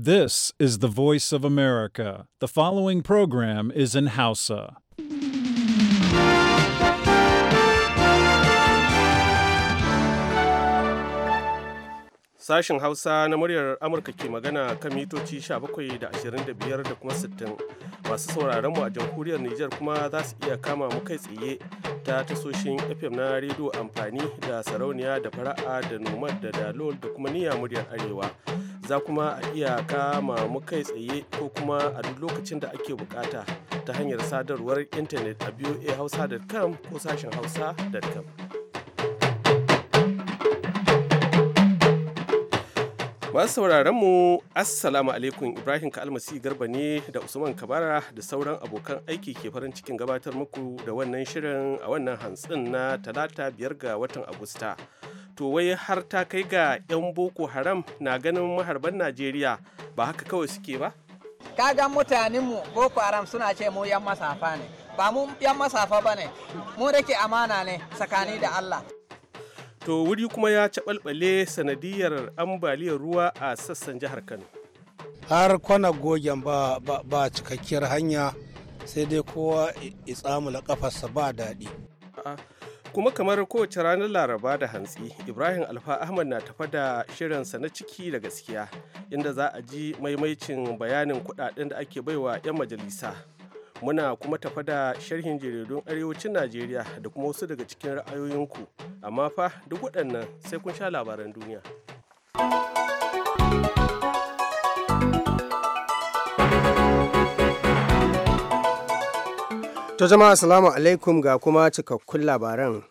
This is the voice of America. The following program is in Hausa. Sashen Hausa na muryar Amurka ke magana kan mitoci 17 da 25 da kuma 60 masu sauraron mu a jamhuriyar Nijar kuma za su iya kama mu kai tsaye ta tasoshin FM na rediyo amfani da sarauniya da fara'a da nomad da dalol da kuma niyya muryar Arewa. za kuma a iya kama mu kai tsaye ko kuma a duk lokacin da ake bukata ta hanyar sadarwar intanet a voahausa.com ko sashen hausa.com Masu sauraron mu Assalamu alaikum Ibrahim Kalmasi Garba ne da Usman Kabara da sauran abokan aiki ke farin cikin gabatar muku da wannan shirin a wannan hantsin na talata biyar ga watan Agusta. To wai har ta kai ga 'yan Boko Haram na ganin maharban Najeriya ba haka kawai suke ba? Kaga mutanenmu Boko Haram suna ce mu 'yan masafa ne, ba mu 'yan masafa ba ne, mu da amana ne tsakani da Allah. to wuri kuma ya caɓalɓale sanadiyar ambaliyar ruwa a sassan jihar kano har kwana gogen ba, ba, cikakkiyar hanya sai dai kowa itsamula kafarsa ba daɗi kuma kamar kowace ranar laraba da hantsi ibrahim alfa ahmad na tafa da shirinsa na ciki da gaskiya inda za a ji maimaicin bayanin kudaden da ake baiwa 'yan majalisa muna kuma tafa da sharhin jaridun arewacin najeriya da kuma wasu daga cikin ra'ayoyinku amma fa duk waɗannan sai kun sha labaran duniya to jama'a assalamu alaikum ga kuma cikakkun labaran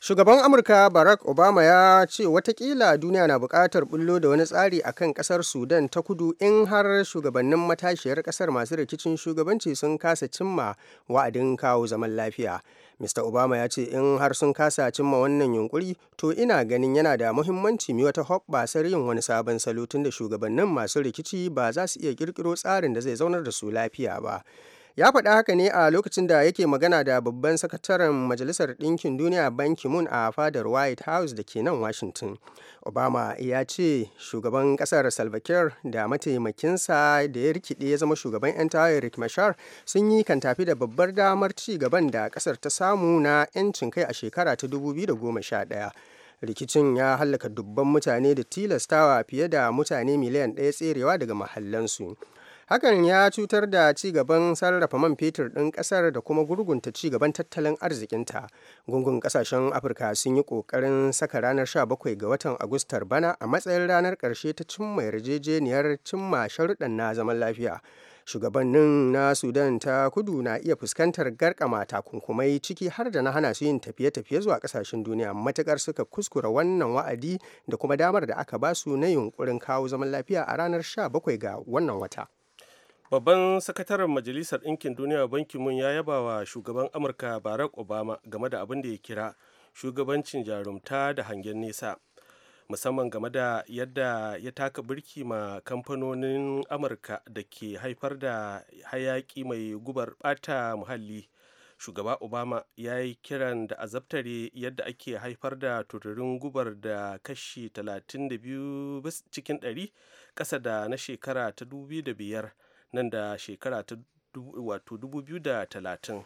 Shugaban Amurka Barack Obama ya ce watakila duniya na bukatar bullo da wani tsari a kan ƙasar Sudan ta kudu in har shugabannin matashiyar kasar masu rikicin shugabanci sun kasa cimma wa'adin kawo zaman lafiya. Mr. Obama ya ce in har sun kasa cimma wannan yunkuri to ina ganin yana da muhimmanci mi wata basar yin wani sabon salo tunda da shugabannin masu rikici ba za su iya kirkiro tsarin da zai zaunar da su lafiya ba. ya faɗa haka ne a lokacin da yake magana da babban sakataren majalisar ɗinkin duniya ban kimun a fadar white house da ke nan washington obama ya ce shugaban ƙasar salva da mataimakinsa da ya rikide ya zama shugaban 'yan tawayar rick mashar sun yi kan tafi da babbar damar ci gaban da ƙasar ta samu na 'yancin kai a shekara ta 2011 rikicin ya hallaka dubban mutane da tilastawa fiye da mutane miliyan ɗaya tserewa daga mahallansu hakan ya cutar da ci gaban sarrafa man fetur ɗin ƙasar da kuma gurgunta ci gaban tattalin arzikinta gungun ƙasashen afirka sun yi ƙoƙarin saka ranar 17 ga watan agustar bana a matsayin ranar ƙarshe ta cimma yarjejeniyar cimma sharuɗan na zaman lafiya shugabannin na sudan ta kudu na iya fuskantar garkama takunkumai ciki har da na hana su yin tafiye-tafiye zuwa kasashen duniya matukar suka kuskura wannan wa'adi da kuma damar da aka basu na yunkurin kawo zaman lafiya a ranar 17 ga wannan wata babban sakataren majalisar ɗinkin duniya bankin mun ya yaba wa shugaban amurka barack obama game da abin da ya kira shugabancin jarumta da hangen nesa musamman game da yadda ya taka birki ma kamfanonin amurka da ke haifar da hayaƙi mai gubar bata muhalli shugaba obama ya yi kiran da azabtare yadda ake haifar da tururin gubar da kashi 32 cikin 100 ƙasa da na shekara ta 2005 nan da shekara ta wato 2030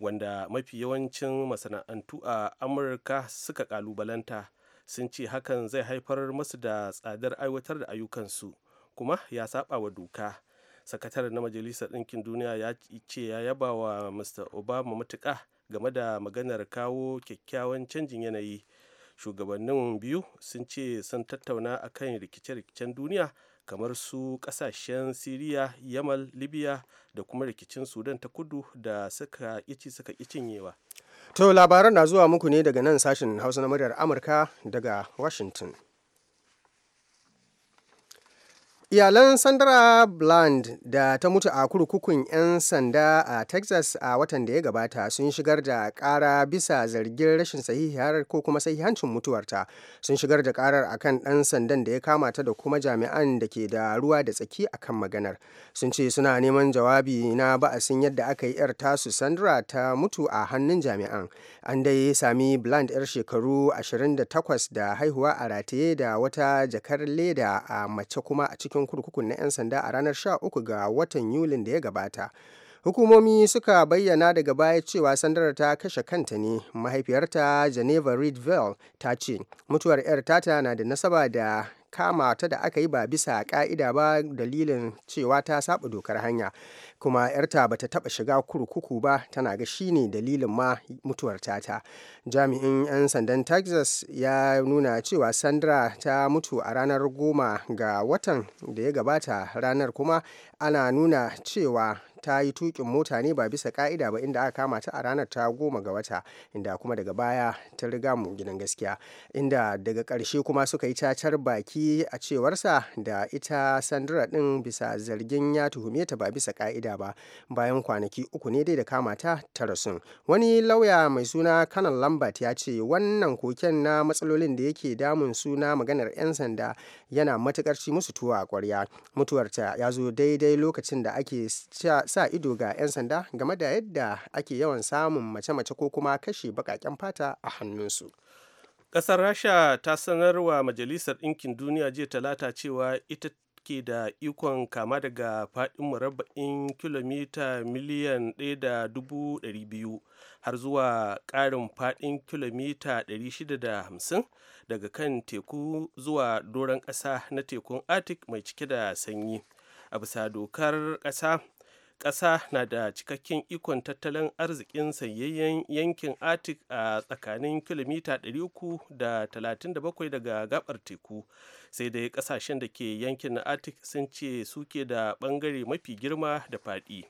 wanda mafi yawancin masana'antu a amurka suka kalubalanta sun ce hakan zai haifar masu da tsadar aiwatar da ayyukansu kuma ya saba wa doka sakatare na majalisar ɗinkin duniya ya ce ya yaba wa mr obama matuƙa game da maganar kawo kyakkyawan canjin yanayi shugabannin biyu sun ce sun tattauna akan rikice-rikicen duniya kamar su kasashen siriya yamal libya da kuma rikicin sudan ta kudu da suka ici suka cinyewa to labaran na zuwa muku ne daga nan sashen hausa na muryar amurka daga washington iyalan sandra bland da ta mutu a kurkukun 'yan sanda a texas a watan da ya gabata sun shigar da kara bisa zargin rashin sahihiyar ko kuma sahihancin mutuwarta sun shigar da karar akan ɗan sandan da ya kama ta da kuma jami'an da ke da ruwa da tsaki akan maganar sun ce suna neman jawabi na ba'asin yadda aka yi 'yar tasu sandra ta mutu a hannun jami'an an dai sami bland 'yar shekaru 28 da haihuwa a rataye da wata jakar leda a mace kuma a cikin gidan kurkukun na 'yan sanda a ranar 13 ga watan Yulin da ya gabata. hukumomi suka bayyana daga baya cewa sandar ta kashe kanta ne mahaifiyarta geneva reedville ta ce mutuwar 'yar tata na da nasaba da kama ta da aka yi ba bisa ka'ida ba dalilin cewa ta saba dokar hanya kuma 'yarta ba ta taɓa shiga kurkuku ba tana ga shi ne dalilin ma mutuwar tata jami'in 'yan sandan texas ya nuna cewa sandra ta mutu a ranar goma ga watan da ya gabata ranar kuma ana nuna cewa ta yi tukin mota ne ba bisa ka'ida ba inda aka kama ta a ranar ta goma ga wata inda kuma daga baya ta riga mu gidan gaskiya inda daga karshe kuma suka yi cacar baki a cewarsa da ita sandra din bisa zargin ya tuhume ta ba bisa ka'ida ba bayan kwanaki uku ne dai da kama ta ta sun wani lauya mai suna kanan lambat ya ce wannan koken na matsalolin da yake damun suna maganar 'yan sanda yana matukar ci musu tuwa a kwarya mutuwarta ya zo daidai lokacin da ake sa ido ga 'yan sanda game da yadda ake yawan samun mace-mace ko kuma kashe baƙaƙen fata a hannunsu. Ƙasar Rasha ta sanar wa Majalisar Ɗinkin Duniya jiya talata cewa ita ke da ikon kama daga faɗin murabba'in kilomita miliyan ɗaya da dubu har zuwa ƙarin faɗin kilomita ɗari shida da hamsin daga kan teku zuwa doron ƙasa na tekun arctic mai cike da sanyi a bisa dokar ƙasa ƙasa na da cikakken ikon tattalin arzikin sayayyen yankin arctic a tsakanin kilomita 337 daga gabar teku sai dai ƙasashen da ke yankin na arctic sun ce suke da ɓangare mafi girma da faɗi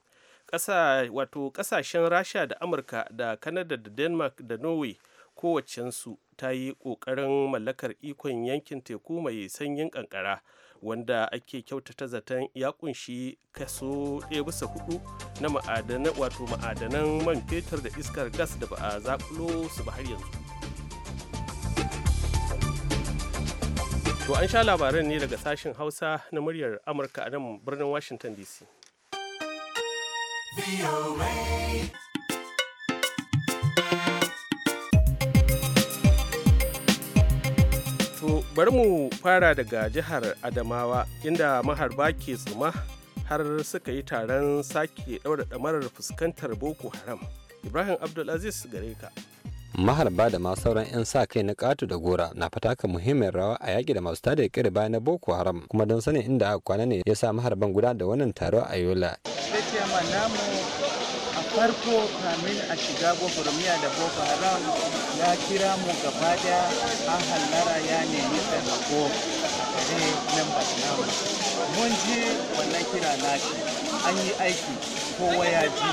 ƙasa wato ƙasashen rasha da amurka da kanada da denmark da norway kowacensu ta yi ƙoƙarin mallakar ikon yankin teku mai sanyin ƙanƙara wanda ake kyautata zaton ya kunshi kaso ɗaya bisa hudu na ma'adanan wato ma'adanan man fetur da iskar gas da ba a zakulo su ba har yanzu To an sha labaran ne daga sashen Hausa na muryar Amurka a nan birnin Washington DC. bari mu fara daga jihar adamawa inda maharba ke tsuma har suka yi taron sake ɗaura ɗamarar fuskantar boko haram ibrahim abdulaziz gare ka maharba da masu sauran 'yan sa kai na katu da gora na fataka muhimmiyar rawa a yaƙi da masu tada kirba na boko haram kuma don sanin inda aka kwana ne ya sa maharban guda da wannan taro a yola a farko kamin a shiga boko da boko haram ya kira mu gaba da an hallara ya nemi taimako a kare members namu mun ji wannan kira nashi an yi aiki ko waya ji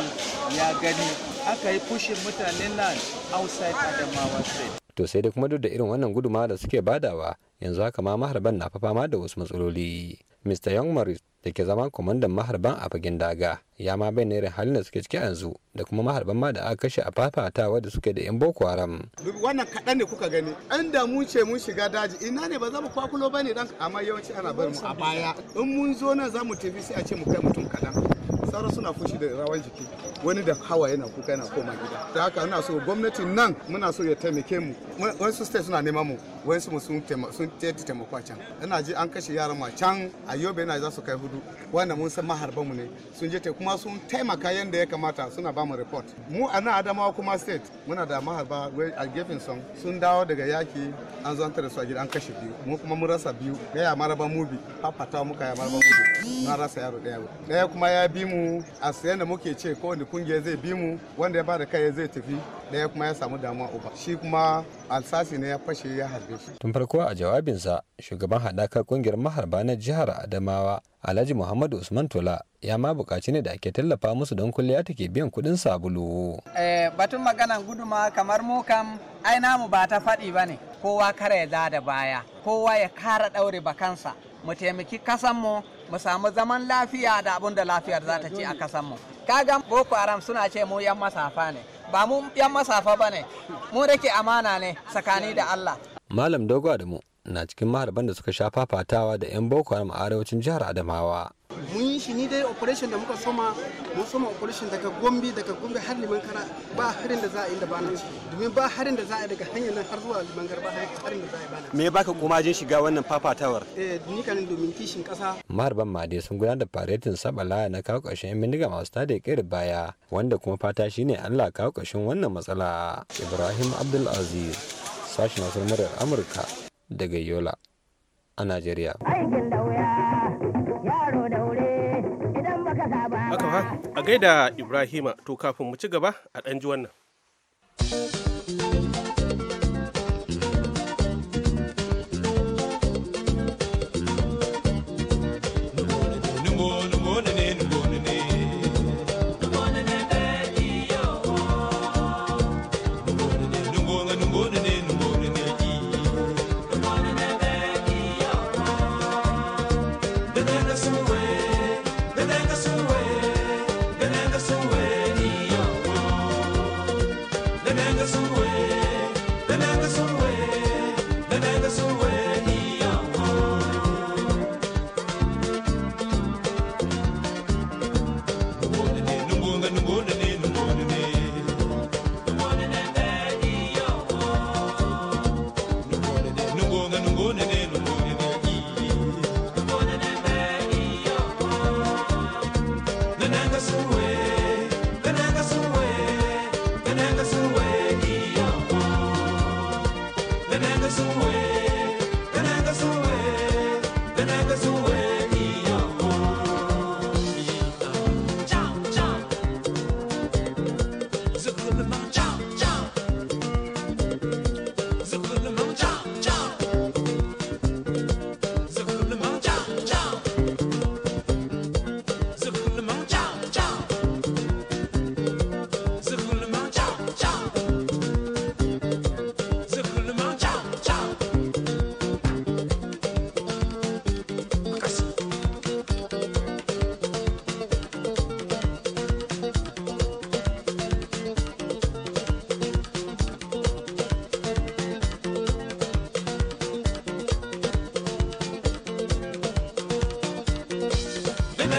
ya gani aka yi fushin mutanen nan outside adamawa state to sai dai kuma duk da irin wannan gudumawa da suke badawa yanzu haka ma maharban na fama da wasu matsaloli mr young Morris da ke zama kwamandan maharban a fagen daga ya ma bayyana irin halin da suke ciki yanzu da kuma maharban ma da aka kashe a fafatawa da suke da yan boko haram wannan kaɗan ne kuka gani an da mu ce mun shiga daji ina ne ba za mu kwakulo ba ne dan amma yawanci ana bar mu a baya in mun zo nan za mu tafi sai a ce mu kai mutum kaɗan nasara suna fushi da rawar jiki wani da hawa yana kuka yana koma gida da haka ina so gwamnatin nan muna so ya taimake mu wasu state suna neman mu wasu mu sun sun taimako can ina ji an kashe yaran ma can a yobe na za su kai hudu wanda mun san maharban mu ne sun je te kuma sun taimaka yanda ya kamata suna ba mu report mu a nan adamawa kuma state muna da maharba a gefen son sun dawo daga yaki an zo an tare su a gida an kashe biyu mu kuma mun rasa biyu daya maraba mubi fafata muka ya maraba mubi na rasa yaro daya daya kuma ya bi mu a sayan da muke ce ko wani kungiyar zai bi mu wanda ya bada kai zai tafi daya kuma ya samu damuwa uba shi kuma alsasi ne ya fashe ya harbe shi tun farko a jawabinsa shugaban hadakar kungiyar maharba na jihar adamawa alhaji muhammadu usman tola ya ma buƙaci ne da ake tallafa musu don kulliya take biyan kuɗin sabulu eh, batun maganan guduma kamar mu kam ai namu ba ta faɗi ba ne kowa kare ya da baya kowa ya kara ɗaure bakansa mu taimaki kasanmu mu samu zaman lafiya da abun da lafiyar za ta ce a kasanmu kaga boko haram suna ce mu yan masafa ne ba mu yan masafa ba ne mu da amana ne tsakani da allah malam dogo mu na cikin maharban da suka sha fafatawa da yan boko haram a arewacin jihar adamawa mun yi shi ni dai operation da muka soma mun soma operation daga gombe daga gombe har liman kara ba harin da za a yi da bana domin ba harin da za a yi daga hanyar nan har zuwa liman kara ba harin da za a yi bana me ya baka komajin shiga wannan fafatawar eh ni kanin domin kishin kasa maharban made sun gudanar da faretin sabala na kawo ƙarshen yan bindiga masu tada kiri baya wanda kuma fata shine Allah kawo ƙarshen wannan matsala Ibrahim Abdul Aziz sashen Hausa Amurka daga Yola a Najeriya. a gaida Ibrahima to kafin mu ci gaba a ɗan ji wannan. nananga suwe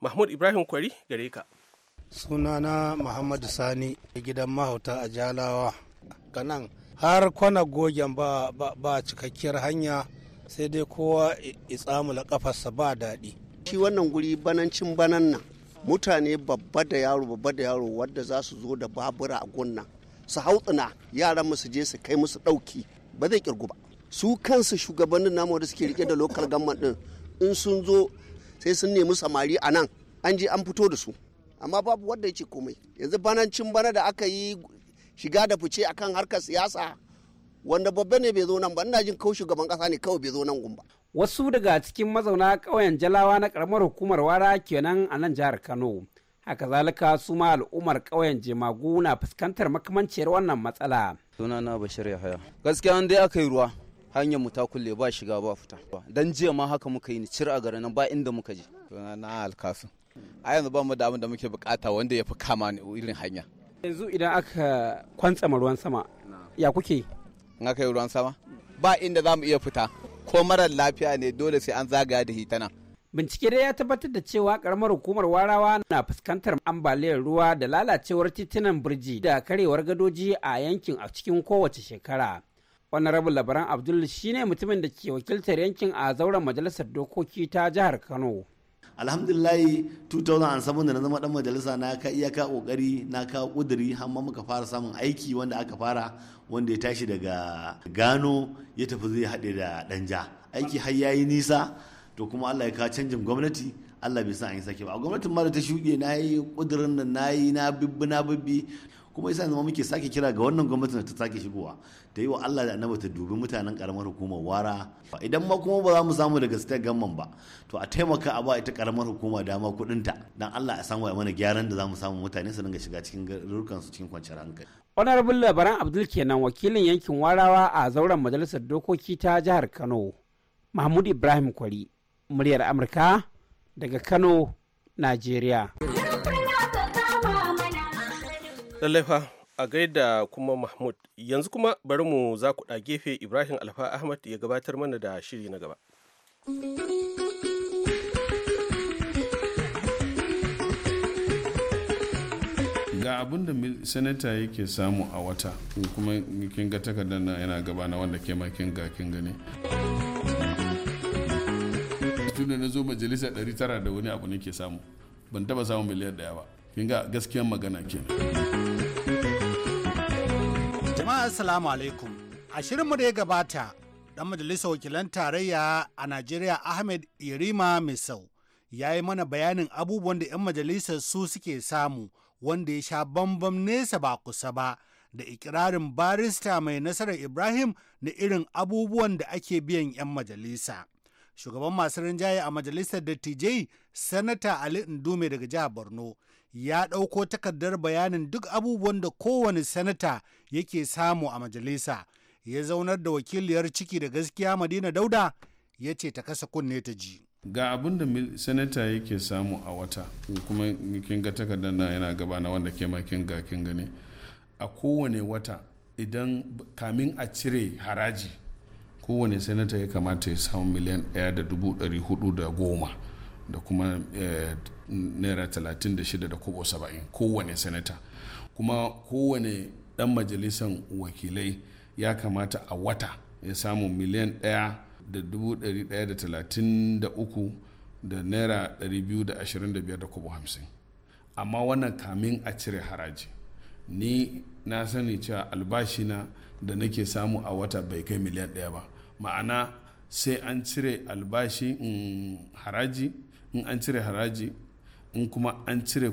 mahmud ibrahim kwari gare ka sunana muhammadu sani gidan mahauta a jalawa ganan har kwana gogen ba, ba, cikakkiyar hanya sai dai kowa itsamula kafarsa ba daɗi shi wannan guri banancin banan nan mutane babba da yaro babba da yaro wadda za su zo da babura a gunna su hautsina yaran mu su je su kai musu ɗauki ba zai kirgu ba su kansu shugabannin namu da suke rike da lokal gamman din in sun zo sai sun nemi samari a nan an je an fito da su amma babu wanda yake komai yanzu banancin bana da aka yi shiga da fice akan harkar siyasa wanda babba ne bai zo nan ba ina jin kau shugaban kasa ne kawai bai zo nan gumba wasu daga cikin mazauna ƙauyen jalawa na karamar hukumar wara kenan a nan jihar kano haka zalika su ma al'ummar ƙauyen jemagu na fuskantar makamanciyar wannan matsala sunana bashir yahaya gaskiya an dai aka yi ruwa hanyar mu ta kulle ba shiga ba fita dan jiya ma haka muka yi ni cir a garin nan ba inda muka je na alkasu a yanzu ba mu da da muke bukata wanda ya fi kama ni irin hanya yanzu idan aka kwantsama ruwan sama ya kuke in aka yi ruwan sama ba inda za mu iya fita ko marar lafiya ne dole sai an zagaya da hitana Bincike dai ya tabbatar da cewa karamar hukumar warawa na fuskantar ambaliyar ruwa da lalacewar titunan birji da karewar gadoji a yankin a cikin kowace shekara. honorable labaran abdul shi ne mutumin da ke wakiltar yankin a zauren majalisar dokoki ta jihar kano alhamdulillahi 2007 da na zama dan majalisa na ka iya ka kokari na ka kuduri har ma muka fara samun aiki wanda aka fara wanda ya tashi daga gano ya tafi zai haɗe da danja aiki har yayi nisa to kuma Allah ya kawo canjin gwamnati Allah bai sa an yi sake ba a gwamnatin ma da ta shuɗe na yi ƙudurin da na yi na bibbi na bibbi kuma isa zama muke sake kira ga wannan gwamnatin ta sake shigowa ta yi wa Allah da annabi ta dubi mutanen karamar hukumar wara idan ma kuma ba za mu samu daga state gamman ba to a taimaka a ba ita karamar hukuma dama kuɗin ta dan Allah a samu mana gyaran da za mu samu mutane su dinga shiga cikin garurukan su cikin kwanciyar hankali honorable labaran abdul kenan wakilin yankin warawa a zauren majalisar dokoki ta jihar kano mahmud ibrahim kwari muryar amurka daga kano najeriya lallai fa a gaida kuma mahmud yanzu kuma bari mu za ku gefe ibrahim alfa ahmad ya gabatar mana da shiri na gaba ga abin da sanata yake samu a wata kuma kin ga takardar nan yana gaba na wanda ke makin ga kin gani tunda na zo majalisa 900 da wani abu nake samu ban taba samu miliyan daya ba kin ga gaskiyar magana ke jama'a assalamu alaikum a shirinmu da ya gabata dan majalisar wakilan tarayya a najeriya ahmed irima misau ya yi mana bayanin abubuwan da 'yan majalisar su suke samu wanda ya sha bambam nesa ba kusa ba da ikirarin barista mai nasarar ibrahim na irin abubuwan da ake biyan 'yan majalisa shugaban masu rinjaye a majalisar dattijai sanata ali indume daga jihar borno ya ɗauko takardar bayanin duk abubuwan da kowane sanata yake samu a majalisa ya zaunar da wakiliyar ciki da gaskiya madina dauda ya ce ta kasa kunne ta ji ga abin da sanata yake samu a wata kuma kin ga takardar na yana gaba na wanda ke makin ga kin gani a kowane wata idan kamin a cire haraji kowane sanata ya kamata ya samu miliyan ɗaya da dubu ɗari da goma da kuma eh, naira 36 da kobo 70 kowane sanata kuma kowane dan majalisar wakilai ya kamata a wata ya samu miliyan 1 da 133 da naira 225 da kobo 50 amma wannan kamin a cire haraji ni na sani cewa albashina da nake samu a wata bai kai miliyan ɗaya ba ma'ana sai an cire albashi mm, haraji in an cire haraji in kuma an cire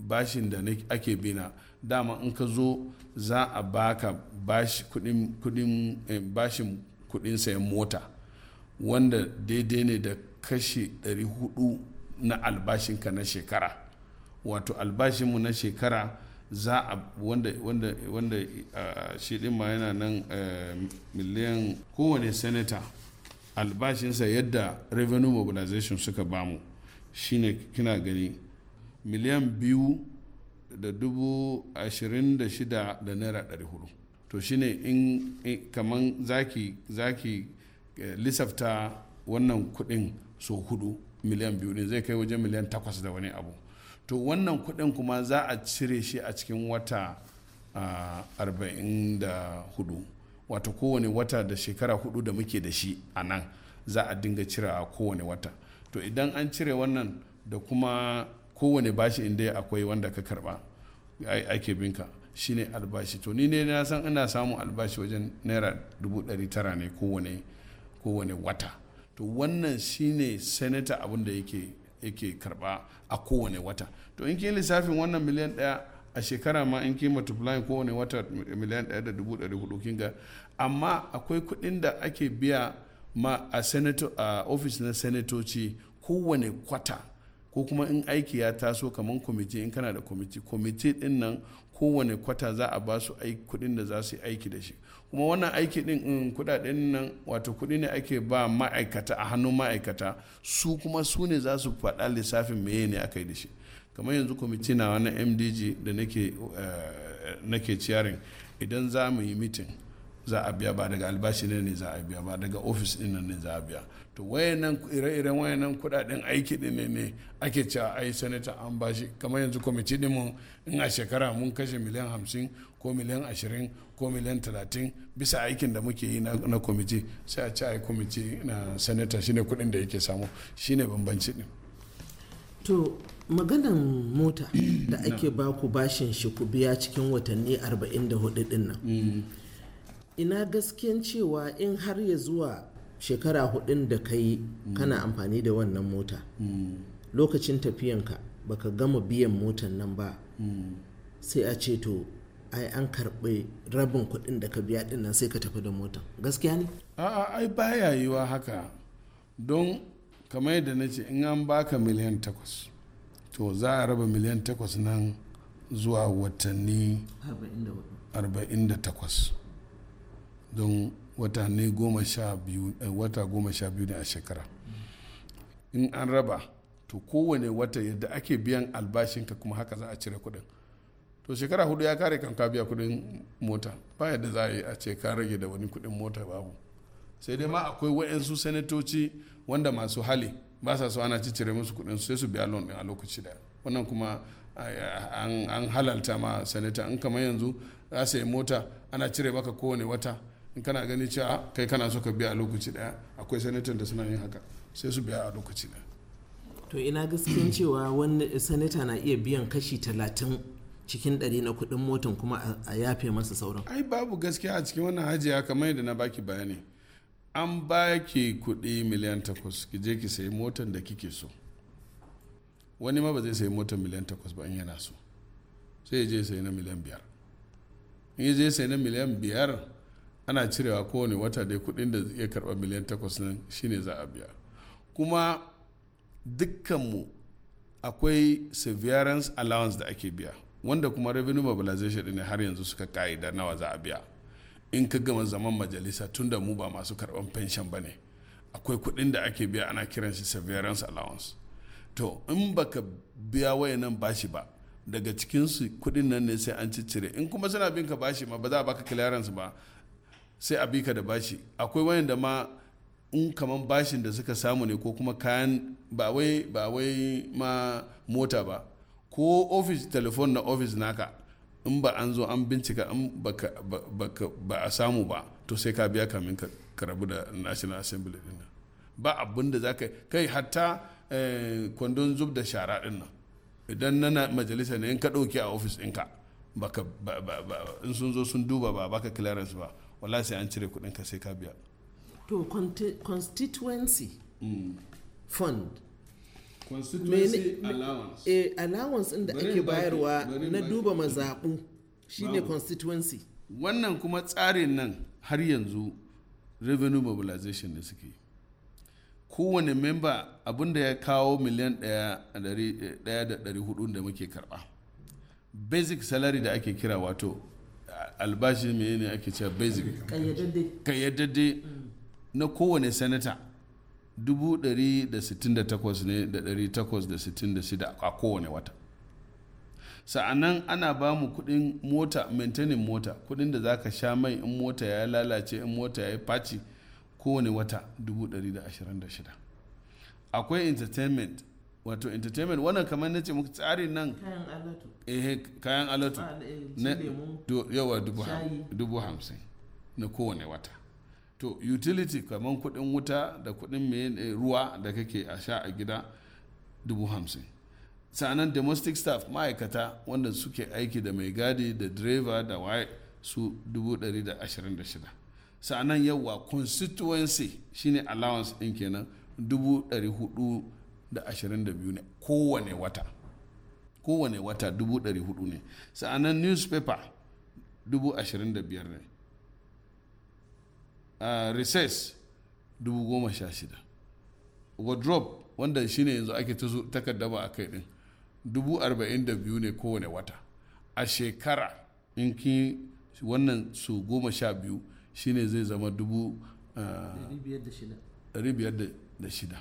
bashin da ake bina dama in ka zo za a baka eh, bashin kudin sayan mota wanda daidai ne da kashi 400 na albashinka na shekara wato albashinmu na shekara za a wanda wanda wanda ah, shi din ma yana nan eh, miliyan kowane senator albashinsa yadda revenue mobilization suka bamu shine kina gani miliyan biyu da dubu ashirin da shida da naira ɗari hudu to shine in kaman zaki zaki eh, lissafta wannan kuɗin so hudu miliyan biyu ne zai kai wajen miliyan takwas da wani abu to wannan kuɗin kuma za a cire shi a cikin wata ah, arba'in da hudu wata kowane wata da shekara hudu da muke da shi a nan za a dinga cirewa kowane wata to idan an cire wannan da kuma kowane bashi inda akwai wanda ka karba ake binka shine albashi to ni ne na san ina samun albashi wajen naira dubu ɗari tara ne kowane kowane wata to wannan shine senator abin da yake yake karba a kowane wata to in kin lissafin wannan miliyan ɗaya a shekara ma in kin multiply kowane wata miliyan ɗaya da dubu ɗari hudu kin ga amma akwai kuɗin da ake biya ma a senator a ofis na senatoci kowane kwata ko kuma in aiki ya taso kamar kwamiti in kana da kwamiti kwamiti din nan kowane kwata za a ba su kudin da za su aiki da shi kuma wannan aiki din in mm, kudaden nan wato kudi ne ake ba ma'aikata a hannun ma'aikata su kuma su ne za su faɗa lissafin meye ne aka yi da shi kamar yanzu kwamiti na wani mdg da nake eh, ciyarin idan za mu yi mitin za a biya ba daga albashi ne ne za a biya ba daga ofis ɗin ne za a biya to wayannan ire-iren wayannan kuɗaɗen aiki ɗin ne ne ake cewa ai sanata an bashi kamar yanzu kwamiti ɗin mu in a shekara mun kashe miliyan hamsin ko miliyan ashirin ko miliyan talatin bisa aikin da muke yi na kwamiti sai a ce ai kwamiti na sanata shine kuɗin da yake samu shine bambanci ɗin. to maganan mota da ake baku bashin shi ku biya cikin watanni 44 ɗin nan mm. ina gaskiyan cewa in har ya zuwa shekara hudun da ka yi mm. kana amfani da wannan mota mm. lokacin tafiyanka baka gama biyan motan nan ba mm. sai a ce to ai an karɓi rabin kuɗin da ka biya ɗin nan sai ka tafi da motan gaskiya ne a'a ai baya yiwa haka don kamar yadda na ce in an baka miliyan takwas to za a raba miliyan takwas nan zuwa watanni 48 don wata goma sha biyu eh, wata goma sha biyu ne a shekara in an raba to kowane wata yadda ake biyan albashinka kuma haka za a cire kuɗin to shekara hudu ya kare kan ka biya kuɗin mota ba yadda za a yi a ce ka rage da wani kuɗin mota babu sai dai ma akwai wa'yansu sanatoci wanda masu hali ba sa so ana cire musu kuɗin sai su biya loan a lokaci daya wannan kuma an halalta ma sanata in kamar yanzu za su yi mota ana cire maka kowane wata in kana gani cewa ah, kai kana so ka biya a lokaci daya akwai sanatan da suna yin haka sai su biya a lokaci daya to ina gaskiyan cewa wani sanata na iya biyan kashi talatin cikin ɗari na kuɗin motan kuma a yafe masa sauran ai babu gaskiya a cikin wannan hajiya kamar yadda na baki bayani an baki kuɗi miliyan takwas ki je ki sayi motan da kike so wani ma ba zai sayi motan miliyan takwas ba in yana so sai ya je sayi na miliyan biyar in ya je sayi na miliyan biyar ana cirewa kowane wata dai kudin da zai karba miliyan takwas nan shine za a biya kuma dukkanmu akwai severance allowance da ake biya wanda kuma revenue mobilization ne har yanzu suka ka'ida nawa za a biya in ka gama zaman majalisa tun da mu ba masu karban pension ba ne akwai kuɗin da ake biya ana kiran shi severance allowance to in baka biya waye nan bashi ba daga cikinsu kuɗin nan ne sai an ciccire in kuma suna bin ka bashi ma ba za a baka clearance ba sai a bika da bashi akwai wayanda ma in kaman bashin da suka samu ne ko kuma kayan ba wai ba wai ma mota ba ko ofis telefon na ofis naka in ba an zo an bincika in ba a samu ba to sai ka biya kamin ka rabu da national assembly din ba abin da zaka kai hatta eh, kwandon zub da shara din nan idan na majalisa ne in ka ɗauki a ofis ɗinka baka in sun zo sun duba ba baka clearance ba wallahi sai an cire kudin ka sai ka biya to constituency mm. fund constituency Mene, allowance eh allowance din da ake bayarwa na duba mazaɓu shine constituency wannan kuma tsarin nan har yanzu revenue mobilization ne suke kowane memba abinda ya kawo miliyan ɗaya da ɗari hudu da muke karɓa basic salary da ake kira wato albashi mai ne ake cewa basic kayyadadde mm. na kowane sanata 168 ne da 1,866 a kowane wata sa'annan ana ba mu kudin mota maintaining mota kudin da za ka sha mai in mota ya lalace in mota ya yi faci kowane wata 126 akwai entertainment wato entertainment wannan kamar na ce muku tsarin nan kayan alatu eh kayan alatu ah, eh, na yawa dubu hamsin na kowane wata to utility kamar kudin wuta da kudin mai eh, ruwa da kake a sha a gida dubu hamsin sanan domestic staff ma'aikata wanda suke aiki da mai gadi da driver da waye su dubu dari da ashirin da shida sanan yawa constituency shine allowance din kenan dubu dari hudu da 22 ne kowane wata kowane wata 400 ne sa'anan newspaper 25,000 ne a recess 16,000 wardrobe wanda shine yanzu ake ta ba a kai din 42,000 ne kowane wata a shekara in ki wannan su goma sha biyu shine zai zama dubu ah, da shida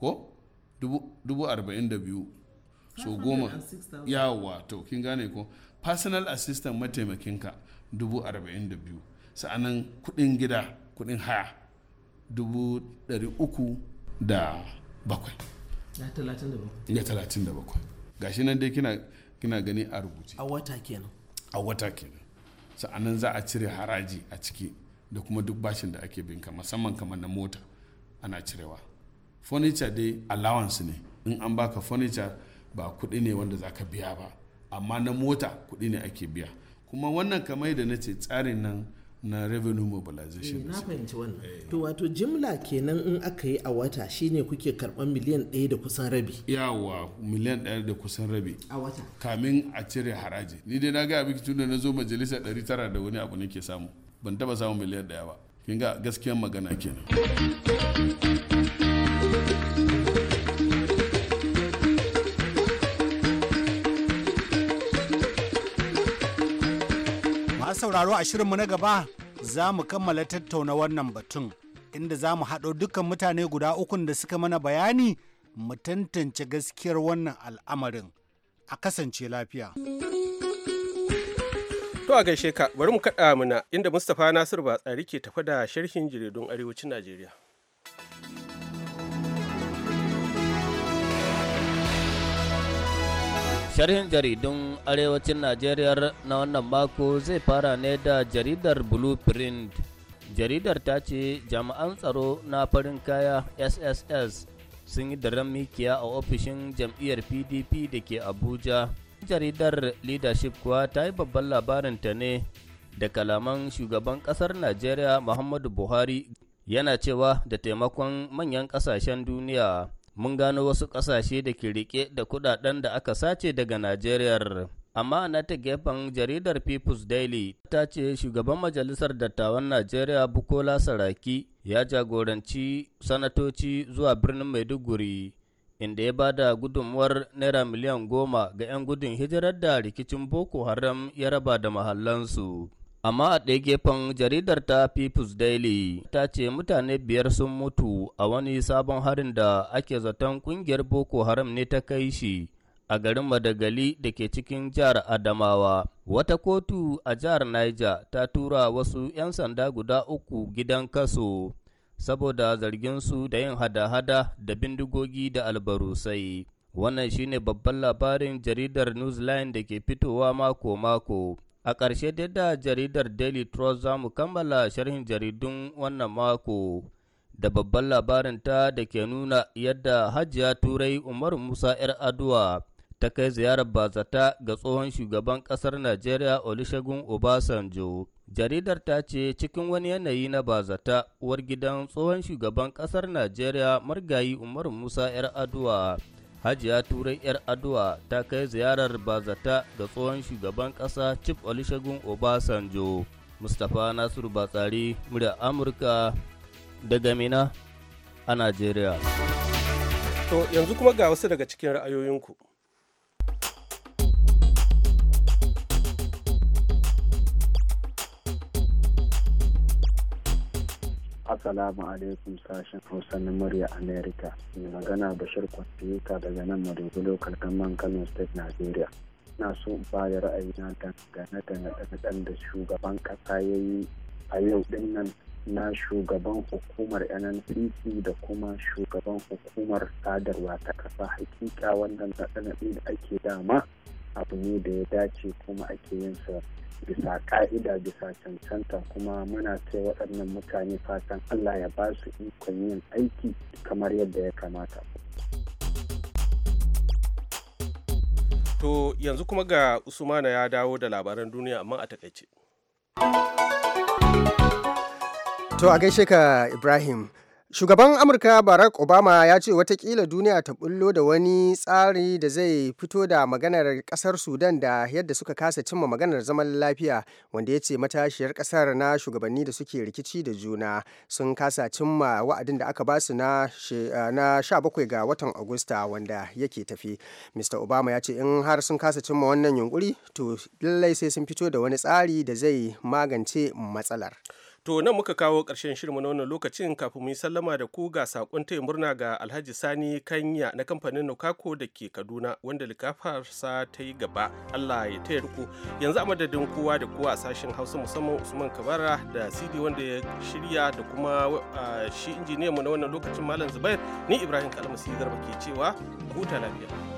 ko 42,000 so goma yawa to kin gane ko personal assistant mataimakinka 42,000 sa'anan kudin gida kudin haya 337 ya 37 gashi nan dai kina kina gani a rubuce a wata kenan a wata kenan sa'anan za a cire haraji a ciki da kuma duk bashin da ake binka musamman kamar na mota ana cirewa furniture dai allowance ne in an baka furniture ba kuɗi ne wanda za ka biya ba amma na mota kuɗi ne ake biya kuma wannan kamar da na ce tsarin nan na revenue mobilization eh, na fahimci wannan eh. to wato jimla kenan in aka yi a wata shine kuke karɓar miliyan ɗaya da kusan rabi yawa miliyan ɗaya da kusan rabi a wata kamin a cire haraji ni dai na ga abin na zo majalisa ɗari tara da wani abu nake samu ban taɓa samun miliyan ɗaya ba kin ga gaskiyar magana kenan sauraro a shirinmu na gaba za mu kammala tattauna wannan batun inda za mu haɗo dukkan mutane guda ukun da suka mana bayani mu tantance gaskiyar wannan al'amarin a kasance lafiya. To a gaishe ka bari mu kaɗa muna inda Mustapha Nasiru Batsari ke tafa da sharhin jaridun arewacin Najeriya. Sharhin jaridun Arewacin Najeriya na wannan mako zai fara ne da jaridar Blueprint. Jaridar ta ce jami'an tsaro na farin kaya SSS sun yi daren mikiya a ofishin jam'iyyar PDP da ke Abuja. Jaridar Leadership kuwa ta yi babban labarin ta ne da kalaman shugaban ƙasar Najeriya Muhammadu Buhari yana cewa da taimakon manyan ƙasashen duniya. mun gano wasu ƙasashe da ke riƙe da kuɗaɗen da aka sace daga Najeriya. Amma na ta gefen jaridar People's Daily ta ce shugaban majalisar dattawan Najeriya Bukola Saraki ya jagoranci sanatoci zuwa birnin Maiduguri inda ya bada gudunmuwar naira miliyan goma ga 'yan gudun hijirar da rikicin Boko Haram ya raba da mahallansu. Amma a ɗaya gefen jaridar ta People's Daily ta ce mutane biyar sun mutu a wani sabon harin da ake zaton ƙungiyar Boko Haram ne ta kai shi a garin Madagali da ke cikin jihar Adamawa. Wata kotu a jihar Niger ta tura wasu 'yan sanda guda uku gidan kaso saboda zarginsu da yin hada-hada da bindigogi da albarusai. Wannan shine babban labarin jaridar Newsline da ke fitowa mako-mako. A ƙarshe dai da jaridar Daily Trust za mu kammala sharhin jaridun wannan mako da babban labarinta da ke nuna yadda Hajiya Turai Umar Musa 'yar adu'a ta kai ziyarar bazata ga tsohon shugaban ƙasar Najeriya Olusegun Obasanjo. Jaridar ta ce cikin wani yanayi na bazata uwar gidan tsohon shugaban ƙasar Najeriya Margayi Umar Musa 'yar adu'a. Hajiya Turai 'yar Adwa ta kai ziyarar bazata ga tsohon shugaban kasa Chief Olusegun Obasanjo. Mustapha Nasiru Batsari, murya Amurka daga Mina a Najeriya. To yanzu kuma ga wasu daga cikin ra'ayoyinku. Assalamu alaikum sashen Hausa na murya Amerika. Mai magana Bashir Kwatiyuka daga nan Madogulo Kalkaman Kano State Nigeria. Na so ba da ra'ayina dangane da naɗe da shugaban ƙasa ya yi a yau ɗin nan na shugaban hukumar NNPC da kuma shugaban hukumar sadarwa ta ƙasa hakika wannan naɗe-naɗe da ake dama abu ne da ya dace kuma ake yin sa bisa ka'ida bisa cancanta kuma muna sai waɗannan mutane fatan allah ya ba su ikon yin aiki kamar yadda ya kamata to yanzu kuma ga usmana ya dawo da labaran duniya amma a takaice to a gaishe ka ibrahim Shugaban Amurka Barack Obama ya ce watakila duniya ta bullo da wani tsari da zai fito da maganar kasar Sudan da yadda suka kasa cimma maganar zaman lafiya wanda ya ce matashiyar kasar na shugabanni da suke rikici da juna sun kasa cimma wa'adin da aka basu na, eh, na 17 ga watan Agusta wanda yake tafi. Mr. Obama ya ce in har sun kasa cimma wannan yunkuri to lallai sai sun fito da wani tsari da zai magance matsalar. To nan muka kawo ƙarshen shirin na wannan lokacin kafin mu yi sallama da ku ga saƙon taya murna ga Alhaji Sani Kanya na kamfanin Nukako da ke Kaduna wanda likafarsa ta yi gaba Allah ya taya riko yanzu a madadin kowa da kowa a sashen Hausa musamman Usman Kabara da CD wanda ya shirya da kuma shi injiniyan mu na wannan lokacin Malam Zubair ni Ibrahim Kalmasi Garba ke cewa huta lafiya.